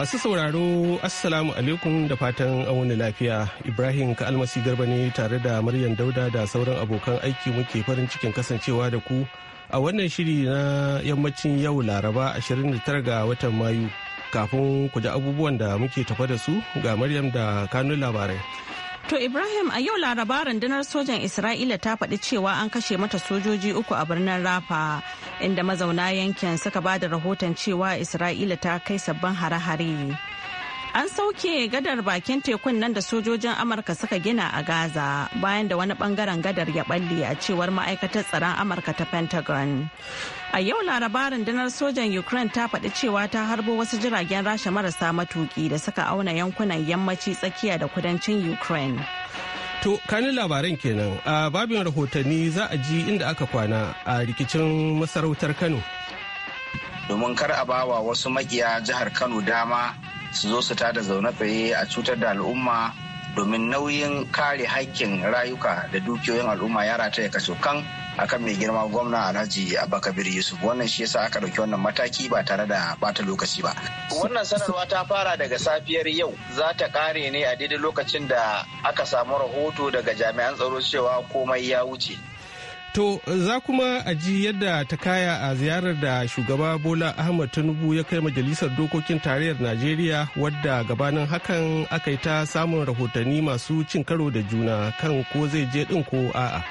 Masu sauraro Assalamu alaikum da fatan wani lafiya Ibrahim ka almasi Garba ne tare da Maryam Dauda da sauran abokan aiki muke farin cikin kasancewa da ku a wannan shiri na yammacin yau Laraba 29 ga watan Mayu kafin ku ji abubuwan da muke tafa da su ga Maryam da kanun labarai. To Ibrahim a yau Laraba rundunar sojan Isra'ila ta faɗi cewa an kashe mata sojoji uku a birnin Rafa. inda mazauna yankin suka ba da rahoton cewa isra'ila ta kai sabbin hare-hare an sauke gadar bakin tekun nan da sojojin amurka suka gina a gaza bayan da wani bangaren gadar ya balle a cewar ma'aikatar tsaron amurka ta pentagon a yau laraba rundunar sojan ukraine ta faɗi cewa ta harbo wasu jiragen rasha marasa matuki da suka auna yankunan yammaci tsakiya da kudancin ukraine To kanin labaran kenan a babin rahotanni za a ji inda aka kwana a rikicin masarautar Kano. Domin kar a bawa wasu makiya jihar Kano dama su zo su tada zaune tsaye a cutar da al'umma domin nauyin kare haƙƙin rayuka da dukiyoyin al'umma ya rataya kaso kan akan mai girma gwamna alhaji abakabir yusuf wannan shi yasa aka ɗauki wannan mataki ba tare da bata lokaci ba wannan sanarwa ta fara daga safiyar yau za ta kare ne a daidai lokacin da aka samu rahoto daga jami'an tsaro cewa komai ya wuce To za kuma a ji yadda ta kaya a ziyarar da shugaba Bola Ahmad Tinubu ya kai majalisar dokokin tarayyar Najeriya wadda gabanin hakan aka yi ta samun rahotanni masu cin karo da juna kan ko zai je ɗin ko a'a.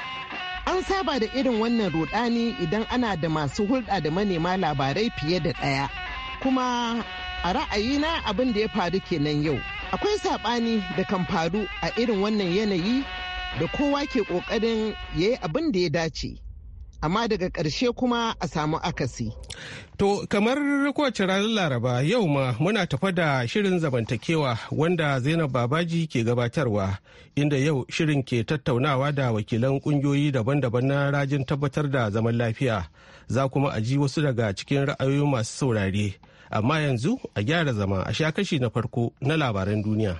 An saba da irin wannan rudani idan ana da masu hulɗa da manema labarai fiye da ɗaya. Kuma a ra'ayina abin da ya faru kenan yau. Akwai saɓani da kan faru a irin wannan yanayi da kowa ke ƙoƙarin ya yi abin da ya dace. amma daga ƙarshe kuma a samu akasi. To kamar kowace ranar Laraba yau ma muna tafa da shirin zamantakewa wanda Zainab Babaji ke gabatarwa inda yau shirin ke tattaunawa da wakilan ƙungiyoyi daban-daban na rajin tabbatar da zaman lafiya za kuma a ji wasu daga cikin ra'ayoyi masu saurare amma yanzu a gyara zama a sha kashi na farko na labaran duniya.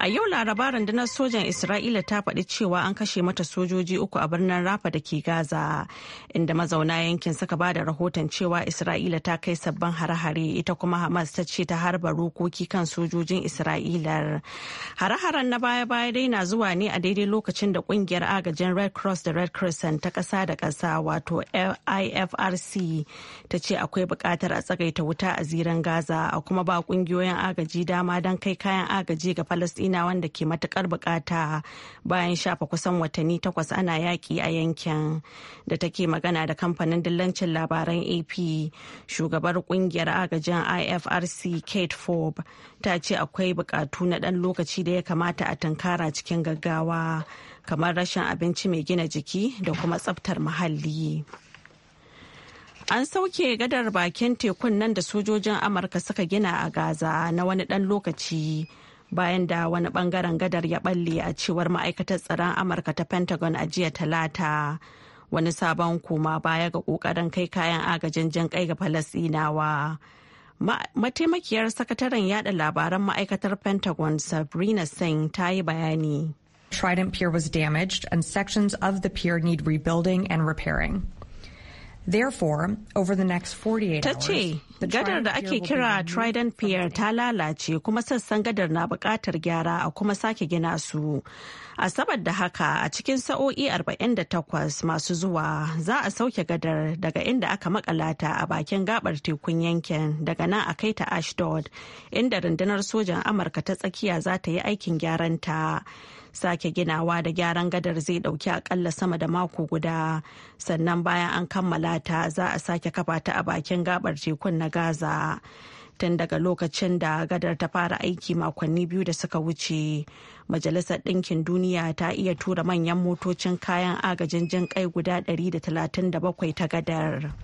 A yau laraba rundunar sojan Isra'ila ta faɗi cewa an kashe mata sojoji uku a birnin Rafa da ke Gaza, inda mazauna yankin suka ba da rahoton cewa Isra'ila ta kai sabbin hare-hare ita kuma Hamas ta ce ta harba rokoki kan sojojin isra'ila Hare-haren na baya-baya dai na zuwa ne a daidai lokacin da kungiyar agajin Red Cross da Red Crescent ta ƙasa da ƙasa wato IFRC ta ce akwai buƙatar a tsagaita wuta a ziran Gaza a kuma ba ƙungiyoyin agaji dama don kai kayan agaji ga Falasɗin Falasɗina wanda ke matukar bukata bayan shafa kusan watanni takwas ana yaki a yankin da take magana da kamfanin dillancin labaran AP shugabar kungiyar agajin IFRC Kate Forbes ta ce akwai bukatu na dan lokaci da ya kamata a tunkara cikin gaggawa kamar rashin abinci mai gina jiki da kuma tsabtar muhalli. An sauke gadar bakin tekun nan da sojojin Amurka suka gina a Gaza na wani dan lokaci bayan da wani bangaren gadar ya balle a cewar ma'aikatar tsaron amurka ta pentagon a jiya talata wani sabon koma baya ga kokarin kai kayan agajin jin kai ga falasinawa mataimakiyar sakataren yada labaran ma'aikatar pentagon sabrina singh ta yi bayani trident pier was damaged and sections of the pier need rebuilding and repairing Therefore, over the next 48 hours, ce gadar da ake kira trident pier ta lalace kuma sassan gadar na buƙatar gyara a kuma sake gina su asabar da haka a cikin sa'o'i 48 masu zuwa za a sauke gadar daga inda aka makalata a bakin gabar tekun yankin daga nan a kai ta ashdod inda rundunar sojan amurka ta tsakiya za ta yi aikin gyaran ta sake ginawa da gyaran gadar zai dauki akalla sama da mako guda sannan bayan an kammala ta za a sake kafa ta a bakin gabar tekun na gaza tun daga lokacin da gadar ta fara aiki makonni biyu da suka wuce majalisar ɗinkin duniya ta iya tura manyan motocin kayan agajin jin kai guda 137 ta gadar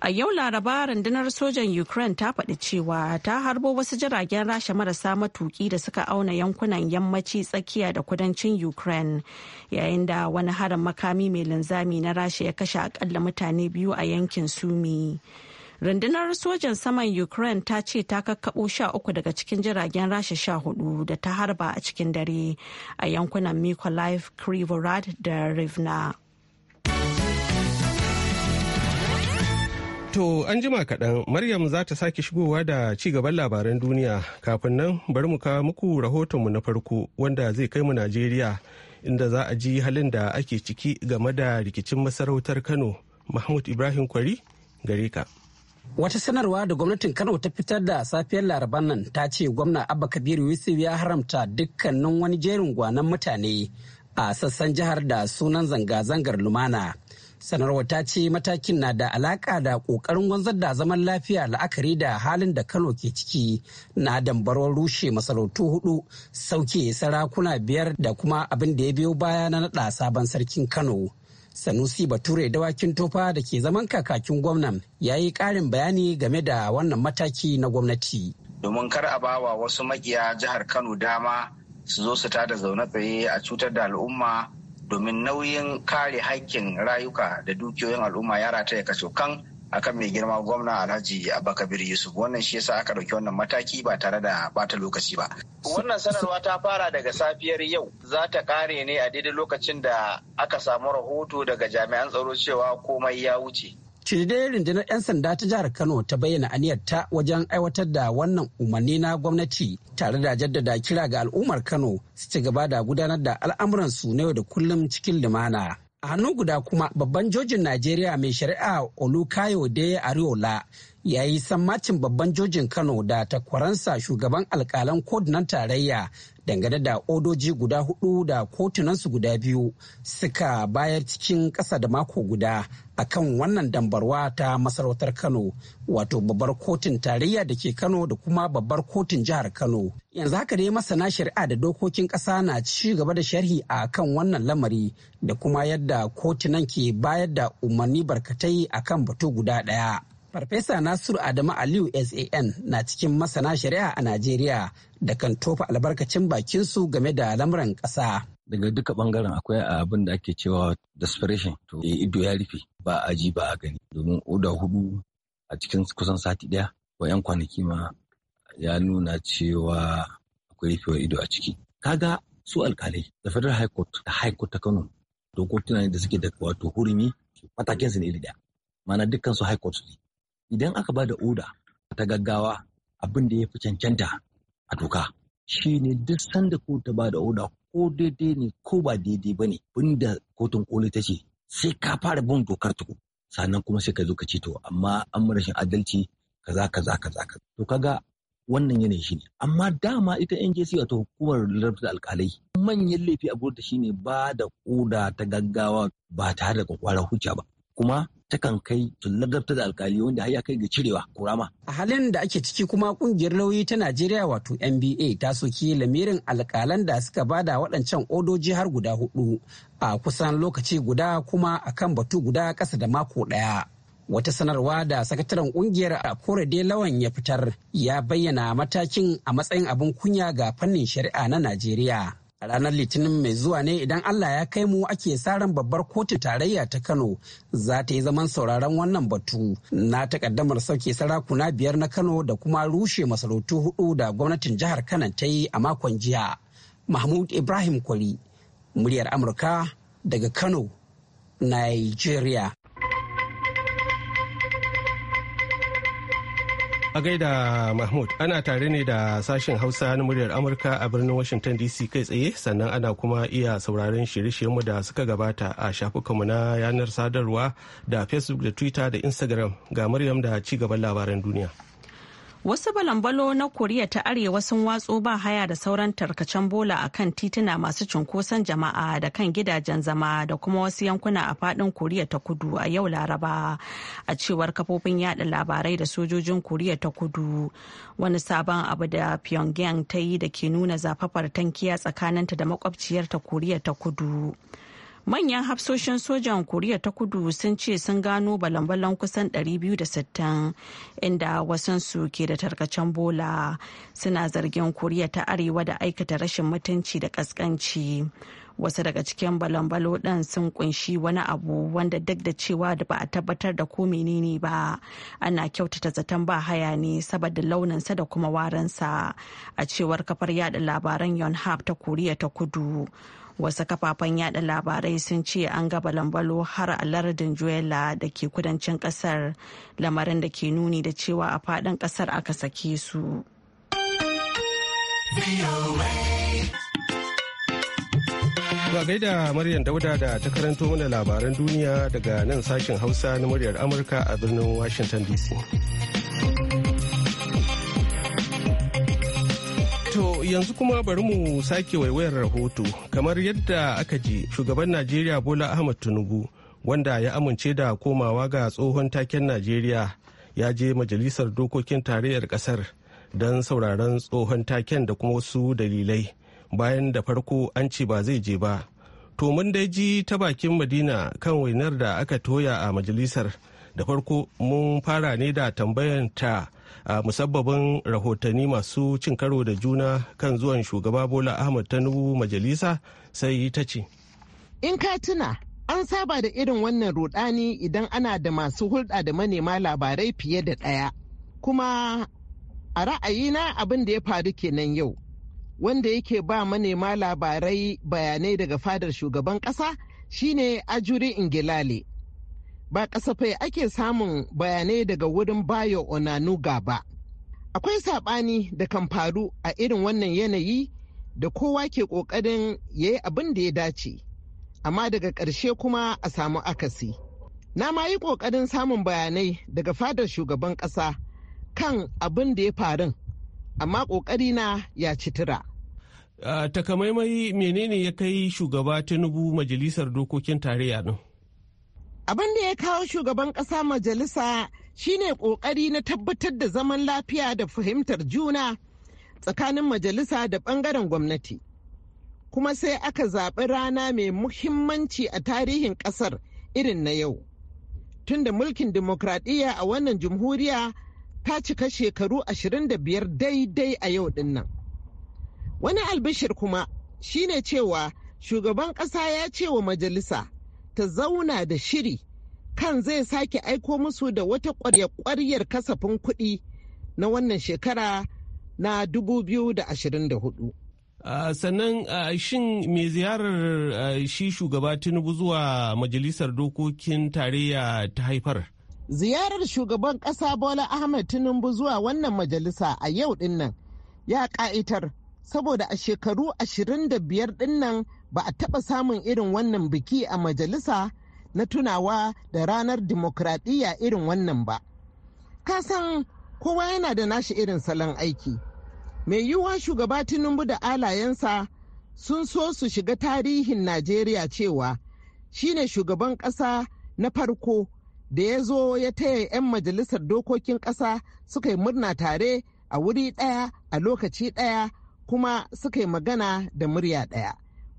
a yau laraba rundunar sojan ukraine ta faɗi cewa ta harbo wasu jiragen rasha marasa matuki da suka auna yankunan yammaci tsakiya da kudancin ukraine yayin da wani harin makami mai linzami na rasha ya kashe akalla mutane biyu a yankin sumi rundunar sojan saman ukraine ta ce ta kakkaɓo sha uku daga cikin jiragen rasha sha hudu da ta harba a cikin dare a yankunan mykolaiv krivorad da rivna To an jima kaɗan Maryam za ta sake shigowa da ci gaban labaran duniya kafin nan bari mu kawo muku rahotonmu na farko wanda zai kai mu Najeriya inda za a ji halin da ake ciki game da rikicin masarautar Kano Mahmud Ibrahim Kwari gare ka. Wata sanarwa da gwamnatin Kano ta fitar da safiyar laraban nan ta ce gwamna Abba Kabir Yusuf ya haramta dukkanin wani jerin gwanan mutane a sassan jihar da sunan zanga-zangar lumana. Sanarwar ta ce matakin na da alaka da ƙoƙarin wanzar da zaman lafiya la'akari da halin da Kano ke ciki na dambarwar rushe masarautu hudu sauke sarakuna biyar da kuma abin da ya biyo baya na naɗa sabon sarkin Kano. Sanusi Bature dawakin tofa da ke zaman kakakin gwamnan ya yi ƙarin bayani game da wannan mataki na gwamnati. Domin kar a bawa wasu makiya jihar Kano dama su zo su tada zaune tsaye a cutar da al'umma domin nauyin kare haƙƙin rayuka da dukiyoyin al'umma ya rataya kaso kan akan mai girma gwamna Alhaji Abakabir Yusuf wannan shi yasa aka ɗauki wannan mataki ba tare da bata lokaci ba. Wannan sanarwa ta fara daga safiyar yau za ta kare ne a daidai lokacin da aka samu rahoto daga jami'an tsaro cewa komai ya wuce. Shirye rundunar 'yan sanda ta jihar Kano ta bayyana aniyarta wajen aiwatar da wannan umarni na gwamnati tare da jaddada kira ga al'ummar Kano su ci gaba da gudanar da al'amuransu na yau da kullum cikin lumana. a hannu guda kuma babban jojin najeriya mai shari'a olukayode ariola ya yi sammacin babban jojin kano da takwaransa shugaban alkalan kodunan tarayya dangane da odoji guda hudu da kotunansu guda biyu suka bayar cikin ƙasa da mako guda akan wannan dambarwa ta masarautar Kano wato babbar kotun tarayya da ke Kano da kuma babbar kotun jihar Kano. Yanzu haka ne masana shari'a da dokokin ƙasa na ci gaba da sharhi a kan wannan lamari da kuma yadda kotunan ke bayar da umarni barkatai a kan batu guda ɗaya. Farfesa Nasiru Adamu Aliyu SAN na cikin masana shari'a a Najeriya da kan tofa albarkacin su game da lamuran ƙasa. daga duka bangaren akwai abin da ake cewa desperation to eh, ido ya rufe ba a ji ba a gani domin oda hudu a cikin kusan sati daya ko yan kwanaki ma ya nuna cewa akwai rufewar ido a ciki kaga su alkalai da federal high court da high court ta kano dokokuna ne da suke da wato hurumi matakin su ne iri daya mana dukkan su high court ne idan aka ba da oda ta gaggawa abin da ya fi cancanta a doka shi ne duk sanda ko ta ba da oda ko daidai ne ko ba daidai ba ne da kotun koli ta ce sai ka fara bin dokar tuku sannan kuma sai ka zo ka ce to amma an rashin adalci kaza kaza kaza To to kaga wannan yanayi shi ne amma dama ita jesi wato hukumar larabtar alkalai manyan laifi a gurin shine ba da koda ta gaggawa ba tare da kwakwara hujja ba kuma takan kai su da alkali wanda har ya kai ga cirewa kurama. A halin da ake ciki kuma kungiyar lauyi ta Najeriya wato NBA ta soki lamirin alkalan da suka bada waɗancan odoji har guda hudu a kusan lokaci guda kuma a kan batu guda ƙasa da mako ɗaya. Wata sanarwa da sakataren kungiyar a dai Lawan ya fitar ya bayyana matakin a matsayin abin kunya ga fannin shari'a na Najeriya. A ranar Litinin mai zuwa ne idan Allah ya kai mu ake saran babbar kotu tarayya ta Kano za ta yi zaman sauraron wannan batu na takaddamar sauke sarakuna biyar na Kano da kuma rushe masarautu hudu da gwamnatin jihar Kano ta yi a makon jiya. Mahmud Ibrahim Kwari, muryar Amurka daga Kano, Nigeria. A gaida Mahmud, ana tare ne da sashen Hausa na muryar Amurka a birnin Washington DC kai tsaye sannan ana kuma iya sauraron shirye-shiryenmu da suka gabata a shafukanmu na yanar sadarwa da Facebook da Twitter da Instagram ga Maryam da ci gaban labaran duniya. Wasu balambalo na Koriya ta Arewa sun watso ba haya da sauran tarkacen bola a kan tituna masu cunkoson jama'a da kan gidajen zama da kuma wasu yankuna a fadin Koriya ta Kudu a yau Laraba a cewar kafofin yada labarai da sojojin Koriya ta Kudu. Wani sabon abu da Pyongyang ta yi da ke nuna zafafar tankiya tsakaninta da makwabciyarta Koriya ta Kudu. manyan hafsoshin sojan koriya ta kudu sun ce sun gano balan-balan kusan 260 inda wasansu ke da tarkacen bola suna zargin koriya ta arewa da aikata rashin mutunci da kaskanci wasu daga cikin balambalo ɗin sun kunshi wani abu wanda duk da cewa da ba a tabbatar da ko menene ba ana kyautata zaton ba haya ne saboda launinsa da kuma warinsa a cewar kafar yada labaran yonhap ta koriya ta kudu wasu kafafen yada labarai sun ce an gaba lambalo har a lardin juela da ke kudancin kasar lamarin da ke nuni da cewa a fadin kasar aka sake su Ba gaida Maryam Dauda da ta karanto mana labaran duniya daga nan sashen Hausa na muryar Amurka a birnin Washington DC. yanzu kuma bari mu sake waiwayar rahoto kamar yadda aka je shugaban najeriya bola ahmad tinubu wanda ya amince da komawa ga tsohon taken najeriya ya je majalisar dokokin tarayyar kasar don sauraron tsohon taken da kuma wasu dalilai bayan da farko an ce ba zai je ba to mun dai ji ta bakin madina kan wainar da aka toya a majalisar da farko mun fara ne da tambayanta ta a musabbabin rahotanni masu cin karo da juna kan zuwan shugaba bola ahmad tanubu majalisa sai ta ce in ka tuna an saba da irin wannan rudani idan ana da masu hulɗa da manema labarai fiye da ɗaya kuma a ra'ayina abin da ya faru kenan yau wanda yake ba manema labarai bayanai daga fadar shugaban ƙasa shine ajuri ingilale ba kasafai ake samun bayanai daga wurin bayo onanuga ba akwai saɓani da kan faru a irin wannan yanayi da kowa ke ƙoƙarin ya yi abin da ya dace amma daga ƙarshe kuma a samu akasi na ma yi ƙoƙarin samun bayanai daga fadar shugaban ƙasa kan abin da ya faru amma ƙoƙari na ya ci tura. takamaimai menene ya kai shugaba tinubu majalisar dokokin tarayya din? Abin da ya kawo shugaban ƙasa majalisa shine ƙoƙari na tabbatar da zaman lafiya da fahimtar juna tsakanin majalisa da ɓangaren gwamnati. Kuma sai aka zaɓi rana mai muhimmanci a tarihin ƙasar irin na yau. Tunda mulkin dimokuraɗiyya a wannan jamhuriya ta cika shekaru 25 daidai a yau dinnan. Wani albishir kuma shine cewa shugaban ƙasa ya ce wa majalisa ta zauna da shiri kan zai sake aiko musu da wata kwarya-kwaryar kasafin kuɗi na wannan shekara na 2024. Uh, sannan uh, shin mai ziyarar uh, shi shugaba tinubu zuwa majalisar dokokin tarayya ta haifar ziyarar shugaban ƙasa bola ahmed tinubu zuwa wannan majalisa a yau dinnan ya ƙa'itar saboda a shekaru 25 dinnan ba a taɓa samun irin wannan biki a majalisa na tunawa da ranar dimokuraɗiyya irin wannan ba. Ka san kowa yana da nashi irin salon aiki. Mai yiwuwa shugaba Tinubu da alayensa sun so su shiga tarihin Najeriya cewa shine shugaban ƙasa na farko da ya zo ya taya 'yan majalisar dokokin ƙasa suka yi murna tare a wuri ɗaya a lokaci ɗaya kuma suka yi magana da murya ɗaya.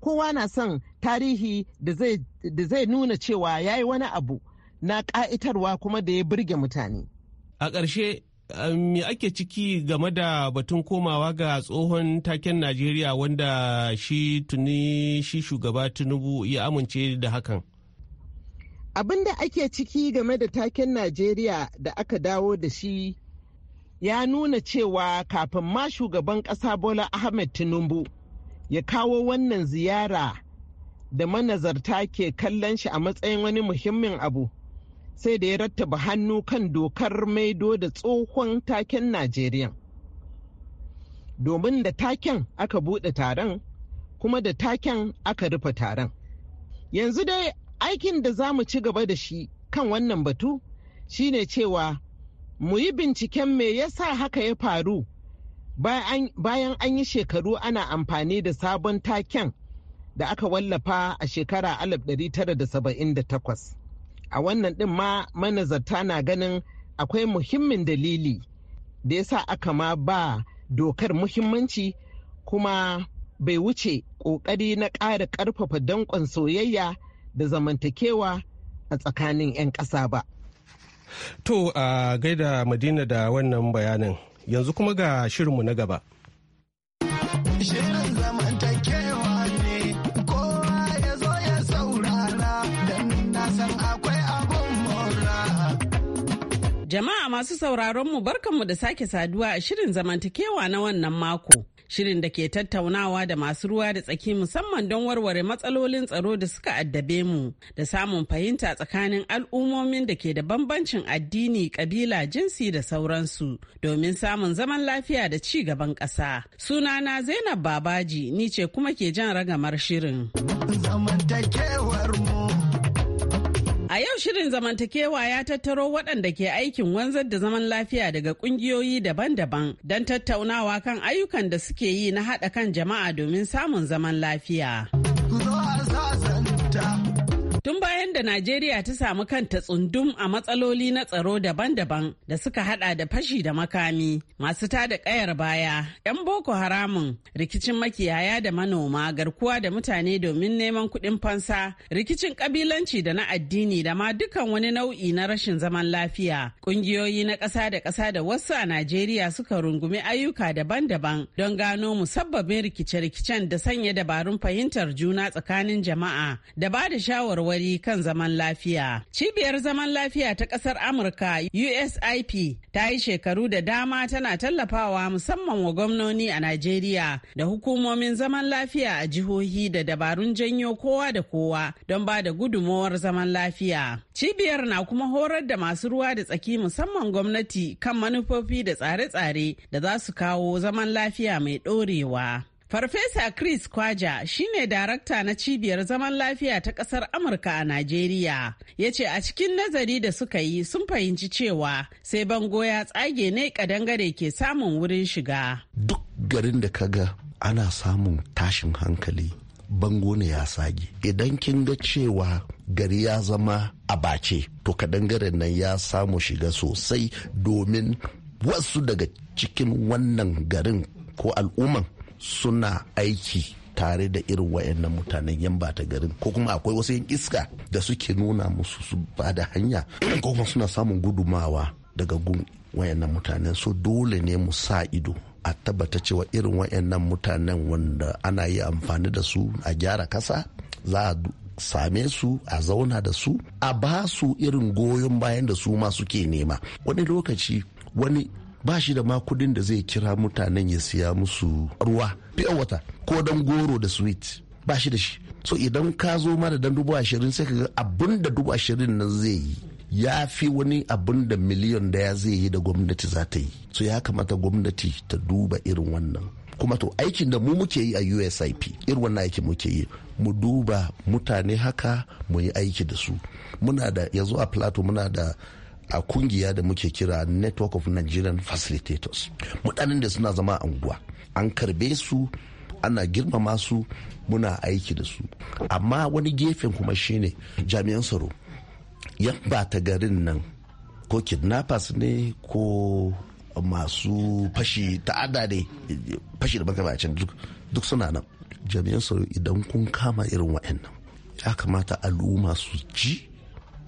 kowa na son tarihi da zai nuna cewa ya yi wani abu na ƙa'itarwa kuma da ya burge mutane. A ƙarshe, eh, me ake ciki game da batun komawa ga tsohon taken Najeriya wanda shi tuni shi shugaba Tinubu ya amince da hakan? Abin da ake ciki game da taken Najeriya da aka dawo da shi ya nuna cewa kafin ma shugaban ƙasa Bola Ahmed Tinubu ya kawo wannan ziyara da manazarta ke kallon shi a matsayin wani muhimmin abu sai da ya rattaba hannu kan dokar maido da tsohon taken najeriya domin da taken aka buɗe taron kuma da taken aka rufe taron yanzu dai aikin da za mu ci gaba da shi kan wannan batu shine cewa mu yi binciken me yasa haka ya faru bayan an yi shekaru ana amfani da sabon taken da aka wallafa a shekara 1978 a wannan din ma manazarta na ganin akwai muhimmin dalili da ya sa aka ma ba dokar muhimmanci kuma bai wuce ƙoƙari na ƙara ƙarfafa danƙon soyayya da zamantakewa a tsakanin 'yan ƙasa ba. To a gaida Madina da wannan bayanin. yanzu kuma ga shirinmu na gaba. Jama'a masu sauraronmu barkanmu da sake saduwa a shirin zamantakewa na wannan mako. shirin da ke tattaunawa da masu ruwa da tsaki musamman don warware matsalolin tsaro da suka addabe mu da samun fahimta tsakanin al'ummomin da ke da bambancin addini kabila jinsi da sauransu domin samun zaman lafiya da ci gaban ƙasa sunana zainab babaji ni ce kuma ke jan ragamar shirin A yau shirin zamantakewa ya tattaro waɗanda ke aikin wanzar da zaman lafiya daga ƙungiyoyi daban-daban don tattaunawa kan ayyukan da suke yi na haɗa kan jama'a domin samun zaman lafiya. Tun bayan da Najeriya ta samu kanta tsundum a matsaloli na tsaro daban-daban da suka hada da fashi da makami, masu tada kayar baya, 'yan boko haramun, rikicin makiyaya da manoma, garkuwa da mutane domin neman kuɗin fansa, rikicin kabilanci da na addini da ma dukkan wani nau'i na rashin zaman lafiya. Ƙungiyoyi na ƙasa da ƙasa da wasu a Najeriya suka rungumi ayyuka daban-daban don gano musabbabin rikice-rikicen da sanya dabarun fahimtar juna tsakanin jama'a da ba da shawarwari shawarwari kan zaman lafiya. Cibiyar zaman lafiya ta ƙasar Amurka USIP ta yi shekaru da dama tana tallafawa musamman wa gwamnoni a Najeriya da hukumomin zaman lafiya a jihohi da dabarun janyo kowa da kowa don ba da gudumowar zaman lafiya. Cibiyar na kuma horar da masu ruwa da tsaki musamman gwamnati kan manufofi da tsare-tsare da za su kawo zaman lafiya mai ɗorewa. Farfesa Chris Kwaja shine darakta na cibiyar zaman lafiya ta ƙasar Amurka a Najeriya. Ya ce a cikin nazari da suka yi sun fahimci cewa sai bango ya tsage ne kadangare ke samun wurin shiga. Duk garin da kaga ana samun tashin hankali bango ne ya sage. Idan kin ga cewa gari ya zama a bace to kadangaren nan ya samu shiga sosai domin wasu daga cikin wannan garin ko al'umman suna aiki tare da irin wayannan mutanen yan ta garin ko kuma akwai wasu yan iska da suke nuna musu su ba da hanya ko kuma suna samun gudumawa daga gun wayannan mutanen so dole ne mu sa ido a tabbata cewa irin wayannan mutanen wanda ana yi amfani da su a gyara kasa za a same su a zauna da su a ba su irin goyon bayan da su ma suke nema wani lokaci wani ba shi da makudin da zai kira mutanen ya siya musu ruwa fiye wata ko don goro da sweet ba shi da shi so idan ka zo ma da dubu ashirin sai ka ga abin da dubu ashirin nan zai yi ya fi wani abin da miliyan daya zai yi da gwamnati za ta yi so ya kamata gwamnati ta duba irin wannan kuma to aikin da mu muke yi a usip irin wannan aikin muke yi mu duba mutane haka mu yi aiki da su muna da yanzu a plato muna da a kungiya da muke kira network of nigerian facilitators mutanen da suna zama a unguwa an karbe su ana girmama su muna aiki da su amma wani gefen kuma shine jami'an tsaro yan bata garin nan ko kidnappers ne ko masu fashi ta'ada ne fashi da makamacin duk suna nan jami'an tsaro idan kun kama irin wa'annan ya kamata al'umma su ji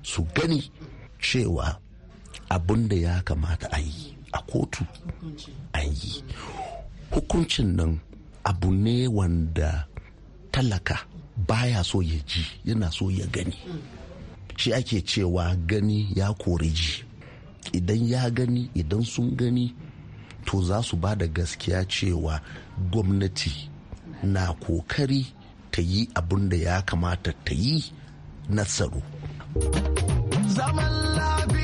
su gani cewa abin da ya kamata a yi a kotu an yi hukuncin nan abu ne wanda talaka baya so ya ji yana so ya gani shi ake cewa gani ya kori ji idan ya gani idan sun gani to za su ba da gaskiya cewa gwamnati na kokari ta yi abin da ya kamata ta yi na tsaro zaman labi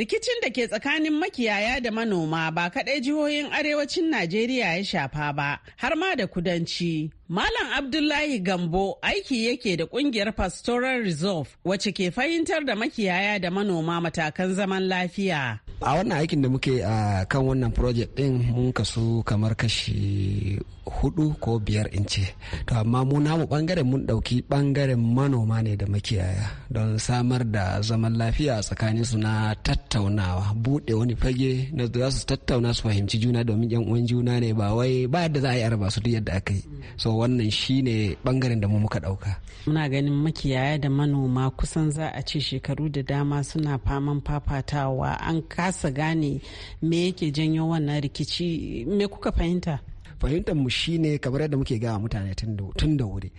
rikicin da ke tsakanin makiyaya da manoma ba kaɗai jihohin arewacin najeriya ya shafa ba har ma da kudanci malam abdullahi gambo aiki yake da ƙungiyar pastoral reserve wacce ke fahimtar da makiyaya da manoma matakan zaman lafiya a wannan aikin da muke a kan wannan project din mun kasu kamar kashi hudu ko biyar in ce to amma mu namu bangaren mun dauki bangaren manoma ne da makiyaya don samar da zaman lafiya a tsakanin su na tattaunawa bude wani fage na za su tattauna su fahimci juna domin yan uwan juna ne ba wai ba da za a yi arba su duk yadda aka yi so wannan shine bangaren da mu muka dauka muna ganin makiyaya da manoma kusan za a ce shekaru da dama suna faman fafatawa an ka kasa gane me yake janyo wannan rikici me kuka fahimta fahimtar mu shine kamar yadda muke gawa mutane tun da wuri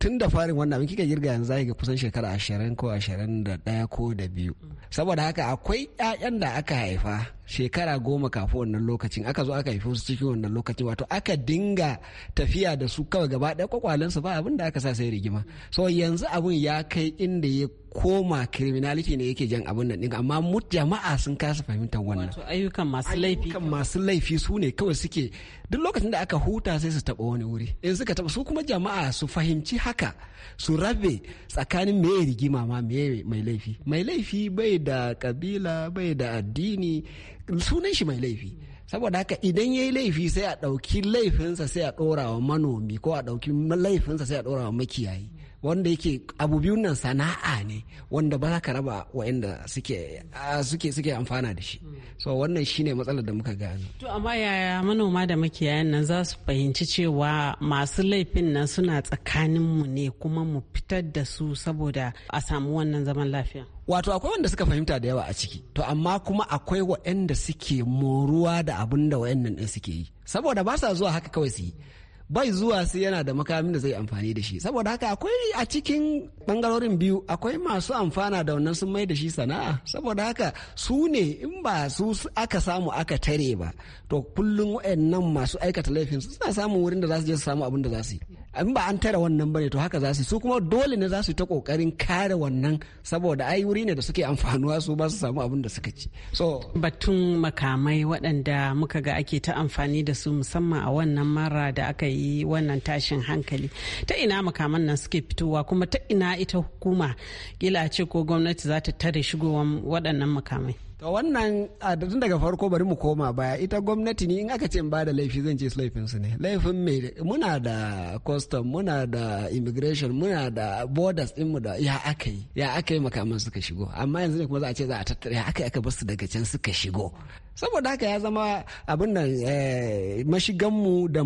tun da farin wannan abin kika girga yanzu a ga kusan shekara ashirin ko ashirin da ɗaya ko da biyu saboda haka akwai ƴaƴan da aka haifa shekara goma kafin wannan lokacin aka zo aka haifi su cikin wannan lokacin wato aka dinga tafiya da su kawai gaba ɗaya kwakwalensu ba abin da aka sa sai rigima so yanzu abin ya kai inda ya koma criminality ne yake jan abin nan amma mu jama'a sun kasa fahimtar wannan wato ayyukan masu laifi ayyukan masu laifi su ne kawai suke duk lokacin da aka huta sai su taba wani wuri in suka taba su kuma jama'a su fahimci haka su rabe tsakanin meye rigima ma meye mai laifi mai laifi bai da kabila bai da addini sunan shi mai laifi saboda haka idan yayi laifi sai a ɗauki laifinsa sai a ɗora wa manomi ko a ɗauki laifinsa sai a ɗora wa makiyayi wanda yake abu biyun nan sana'a ne wanda ba za ka raba wa'anda suke suke suke amfana da shi so wannan shine matsalar da muka gano to amma yaya manoma da makiyayan nan za su fahimci cewa masu laifin nan suna tsakanin mu ne kuma mu fitar da su saboda a samu wannan zaman lafiya wato akwai wanda suka fahimta da yawa a ciki to amma kuma akwai wa'anda suke moruwa da abin da wa'annan din suke yi saboda ba sa zuwa haka kawai su yi bai zuwa sai yana da makamin da zai amfani da shi saboda haka akwai a cikin bangarorin biyu akwai masu amfana da wannan sun mai da shi sana'a saboda haka su ne in ba su aka samu aka tare ba to kullum wa'annan masu aikata laifin suna samun wurin da za su je su samu abin da za su yi in ba an tare wannan bane to haka za su su kuma dole ne za su ta kokarin kare wannan saboda ai wuri ne da suke amfanuwa su ba su samu abin da suka ci so batun makamai waɗanda muka ga ake ta amfani da su musamman a wannan mara da aka yi wannan tashin hankali ta ina makaman nan suke fitowa kuma ta ina ita hukuma kila ce ko gwamnati za ta tare shigowan waɗannan makamai To wannan tun daga farko bari mu koma baya ita gwamnati ne in aka ce in ba da laifi zan ce laifin su ne laifin mai muna da custom muna da immigration muna da borders din mu da ya aka yi ya aka yi makaman suka shigo amma yanzu ne kuma za a ce za a tattara ya aka yi aka bar su daga can suka shigo saboda haka ya zama abin nan eh, mashiganmu da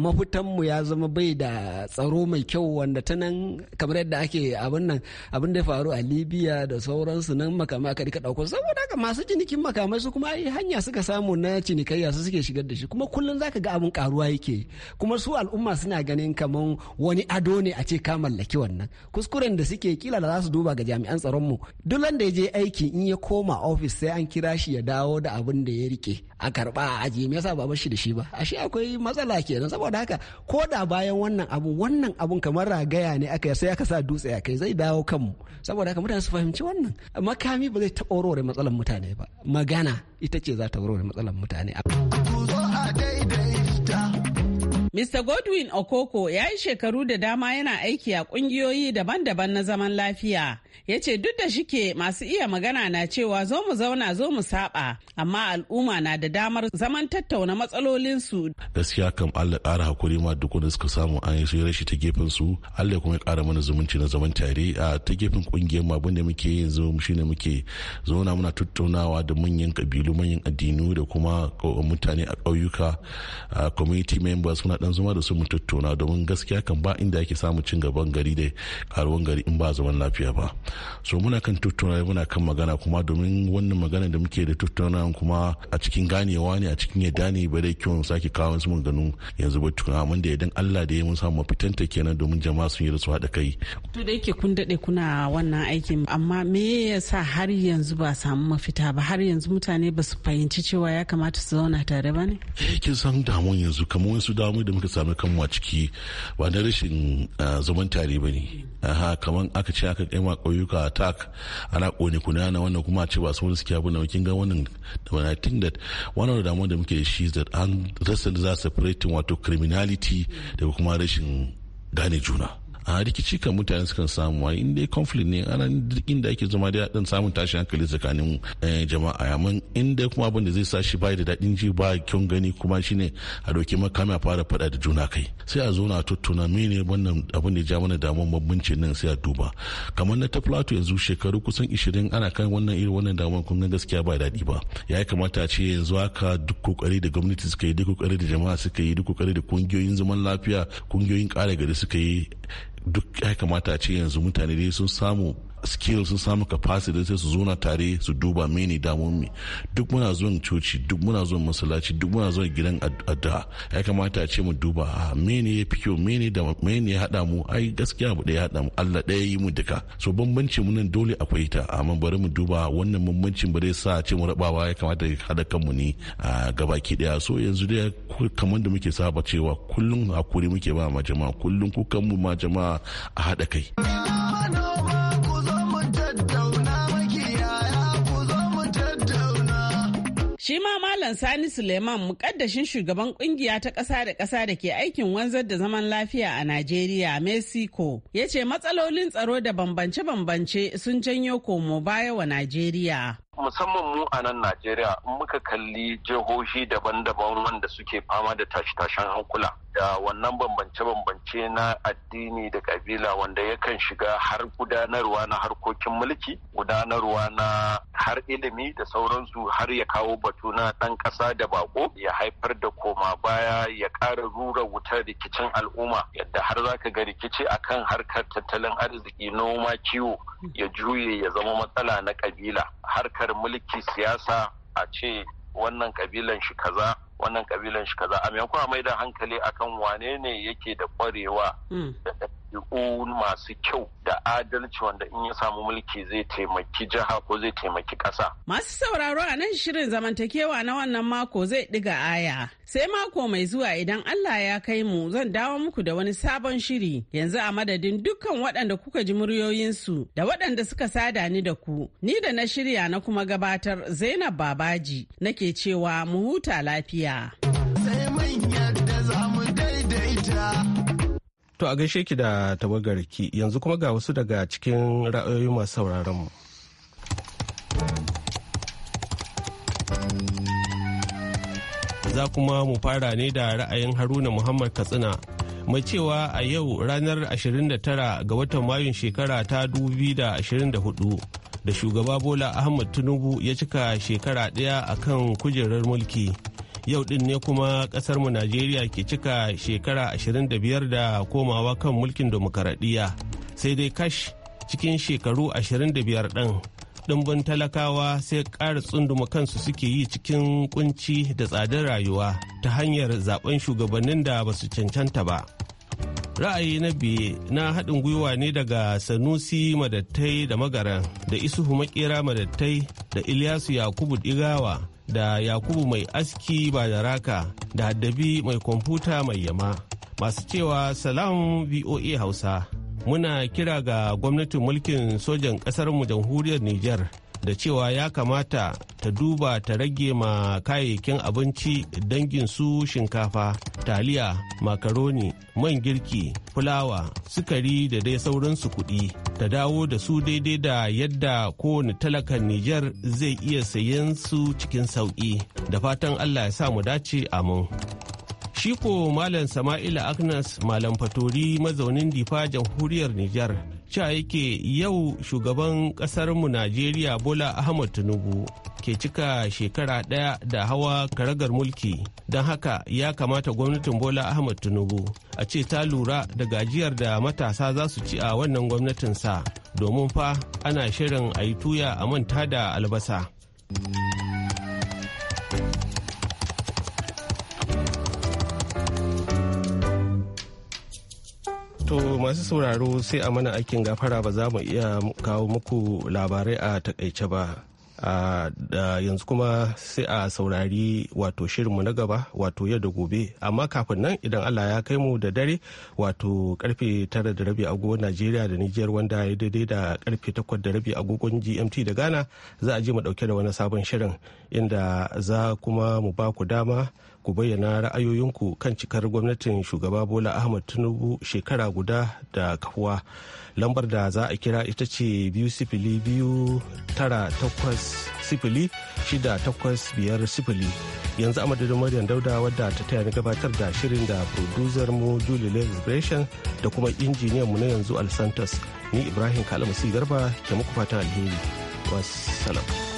mu ya zama bai da tsaro mai kyau wanda ta nan kamar yadda ake abin nan abin da ya faru a libya da sauransu nan makama aka rika dauko saboda haka masu jinikin makamai su kuma hanya suka samu na cinikayya su suke shigar da shi kuma kullum zaka ga abin karuwa yake kuma su al'umma suna ganin kaman wani ado ne a ce ka mallaki wannan kuskuren da suke kila da za su duba ga jami'an tsaron mu duk da ya je aiki in ya koma ofis sai an kira shi ya dawo da abin da ya rike a karba a aji me yasa ba bar shi da shi ba ashe akwai matsala kenan saboda haka ko da bayan wannan abu wannan abun kamar ragaya ne aka sai aka sa dutse a kai zai dawo kanmu saboda haka mutane su fahimci wannan makami ba zai taɓa warware matsalar mutane ba magana ita ce za ta warware matsalar mutane. a daidai Mr. Godwin Okoko ya yi shekaru da dama yana aiki a kungiyoyi daban-daban na zaman lafiya. Ya ce duk da shike masu iya magana na cewa zo mu zauna zo mu saba, amma al'umma na da damar zaman tattauna matsalolinsu. Gaskiya kam Allah ƙara hakuri ma duk wanda suka samu an yi shi ta gefen su, Allah kuma ya ƙara mana zumunci na zaman tare a ta gefen kungiyar mu abin da muke yanzu shine muke zauna muna tattaunawa da manyan kabilu manyan addinu da kuma mutane a ƙauyuka community members muna dan zama da su mu tattauna domin gaskiya kan ba inda yake samu cin gaban gari da karuwan gari in ba zaman lafiya ba so muna kan tattauna muna kan magana kuma domin wannan magana da muke da tattauna kuma a cikin ganewa ne a cikin yadda ne ba dai kyau sake kawo su mun ganu yanzu ba tukuna mun da idan Allah da ya mun samu fitanta kenan domin jama'a sun yi su hada kai to da yake kun dade kuna wannan aikin amma me yasa har yanzu ba samu mafita ba har yanzu mutane ba su fahimci cewa ya kamata su zauna tare ba ne eh, kin san damun yanzu kamar wasu damu da muka sami kanmu a ciki ba na rashin zaman tare ba ne kamar aka ce aka kai ma ƙauyuka tak ana ƙone kuna na wannan kuma ce ba su wani suke abu na kin ga wannan da wani tun da wannan da damuwa da muke shi is that an rasa da za su wato criminality da kuma rashin gane juna. a rikici kan mutane sukan samu wani inda conflict ne ana inda ake zama da dan samun tashin hankali tsakanin eh, jama'a amma inda kuma abin da zai sa shi bai da dadin ji ba kyon gani kuma shine a dauki makami a fara fada da juna kai sai a zo na tattauna mene wannan abin da ya ja mana damuwar mabbinci nan sai a duba kamar na ta plato yanzu shekaru kusan 20 ana kan wannan irin wannan damuwar kun gaskiya ba daɗi ba ya kamata a ce yanzu haka duk kokari da gwamnati suka yi duk kokari da jama'a suka yi duk kokari da kungiyoyin zaman lafiya kungiyoyin kare gari suka yi duk ya kamata a ce yanzu mutane dai sun samu skills sun samu capacity sai su zona tare su duba damun mi duk muna zuwan coci duk muna zuwan masallaci duk muna zuwan gidan addu'a ya kamata a ce mu duba a ah, mene ya fi kyau mene da mene ya haɗa mu ai gaskiya abu ɗaya haɗa mu Allah ɗaya yi mu duka so bambancin mu nan dole akwai ta amma bari mu duba wannan bambancin ba zai sa a ce mu rabawa ya kamata ya hada kanmu ne a gabaki daya so yanzu dai kamar da muke saba cewa kullum hakuri muke ba ma jama'a kullum kukan mu ma jama'a a haɗa kai. 谁妈妈？Malam Sani Suleiman mukaddashin shugaban kungiya ta ƙasa da ƙasa da ke aikin wanzar da zaman lafiya a Najeriya, Mexico, ya ce matsalolin tsaro da bambance-bambance sun janyo komo baya wa Najeriya. musamman mu a nan Najeriya in muka kalli jihohi daban-daban wanda suke fama da tashe-tashen hankula da wannan bambance-bambance na addini da kabila wanda yakan shiga har gudanarwa na harkokin mulki gudanarwa na har ilimi da sauransu har ya kawo batu na ɗan ƙasa da bako ya haifar da koma baya ya ƙara rura wutar rikicin al'umma yadda har za ka ga rikici a kan harkar tattalin arziki noma kiwo ya juye ya zama matsala na ƙabila harkar mulki siyasa a ce wannan ƙabilan shi kaza wannan kabilan shi kaza a maimakon mai da hankali akan wane ne yake da kwarewa hmm. ɗabi'u masu kyau da adalci wanda in ya samu mulki zai taimaki jiha ko zai taimaki ƙasa. Masu sauraro a nan shirin zamantakewa na wannan mako zai ɗiga aya. Sai mako mai zuwa idan Allah ya kai mu zan dawo muku da wani sabon shiri yanzu a madadin dukkan waɗanda kuka ji muryoyinsu da waɗanda suka sada ni da ku. Ni da na shirya na kuma gabatar Zainab Babaji nake cewa mu huta lafiya. Sai manya da za daidaita. To a gaishe ki da tawagarki yanzu kuma ga wasu daga cikin ra'ayoyi masu sauraron mu. Za kuma mu fara ne da ra'ayin Haruna Muhammad Katsina mai cewa a yau ranar 29 ga watan Mayun shekara ta 2024 da shugaba Bola Ahmad Tinubu ya cika shekara ɗaya a kan kujerar mulki. yau din ne kuma kasar mu najeriya ke cika shekara 25 da komawa kan mulkin demokaradiyya sai dai kash cikin shekaru 25 ɗin ɗimbin talakawa sai ƙara tsunduma kansu suke yi cikin kunci da tsadar rayuwa ta hanyar zaben shugabannin da ba su cancanta ba ra'ayi na biye na haɗin gwiwa ne daga sanusi madattai da magaran da isuhu makera madattai da ilyasu yakubu digawa da yakubu mai aski ba da raka da haddabi mai kwamfuta mai yama masu cewa salam voa hausa muna kira ga gwamnatin mulkin sojan ƙasarmu jamhuriyar niger da cewa ya kamata ta duba ta rage ma kayayyakin abinci dangin su shinkafa taliya makaroni man girki fulawa sukari da dai sauransu kuɗi ta dawo da su daidai da yadda kowane talakan nijar zai iya sayen su cikin sauƙi da fatan allah ya sa mu dace a shi Shiko malam sama'ila agnes malam fatori mazaunin difa jamhuriyar nijar ci yake yau shugaban ƙasarmu najeriya bola ahmad tinubu ke cika shekara ɗaya da hawa karagar mulki don haka ya kamata gwamnatin bola ahmad tinubu a ce ta lura da gajiyar da matasa za su ci a wannan gwamnatin sa domin fa ana shirin a yi tuya a manta da albasa. To masu sauraro sai a mana aikin gafara ba za mu iya kawo muku labarai a takaice ba. da yanzu kuma sai a saurari wato shirinmu na gaba wato yau da gobe amma kafin nan idan allah ya kai mu da dare wato karfe tara da rabi agogon najeriya da nijiyar wanda ya daidai da karfe takwas da rabi agogon gmt da ghana za a je mu dauke da wani sabon shirin inda za kuma mu ba ku dama ku bayyana ra'ayoyinku kan cikar gwamnatin shugaba bola ahmad tinubu shekara guda da kafuwa lambar da za a kira ita ce biyu sifili biyu tara takwas sifili shida takwas biyar sifili yanzu amadadin maryam dauda wadda ta taya ni gabatar da shirin da producer mu julie da kuma injiniyan mu na yanzu al ni ibrahim kalamasi garba ke muku fata alheri wassalam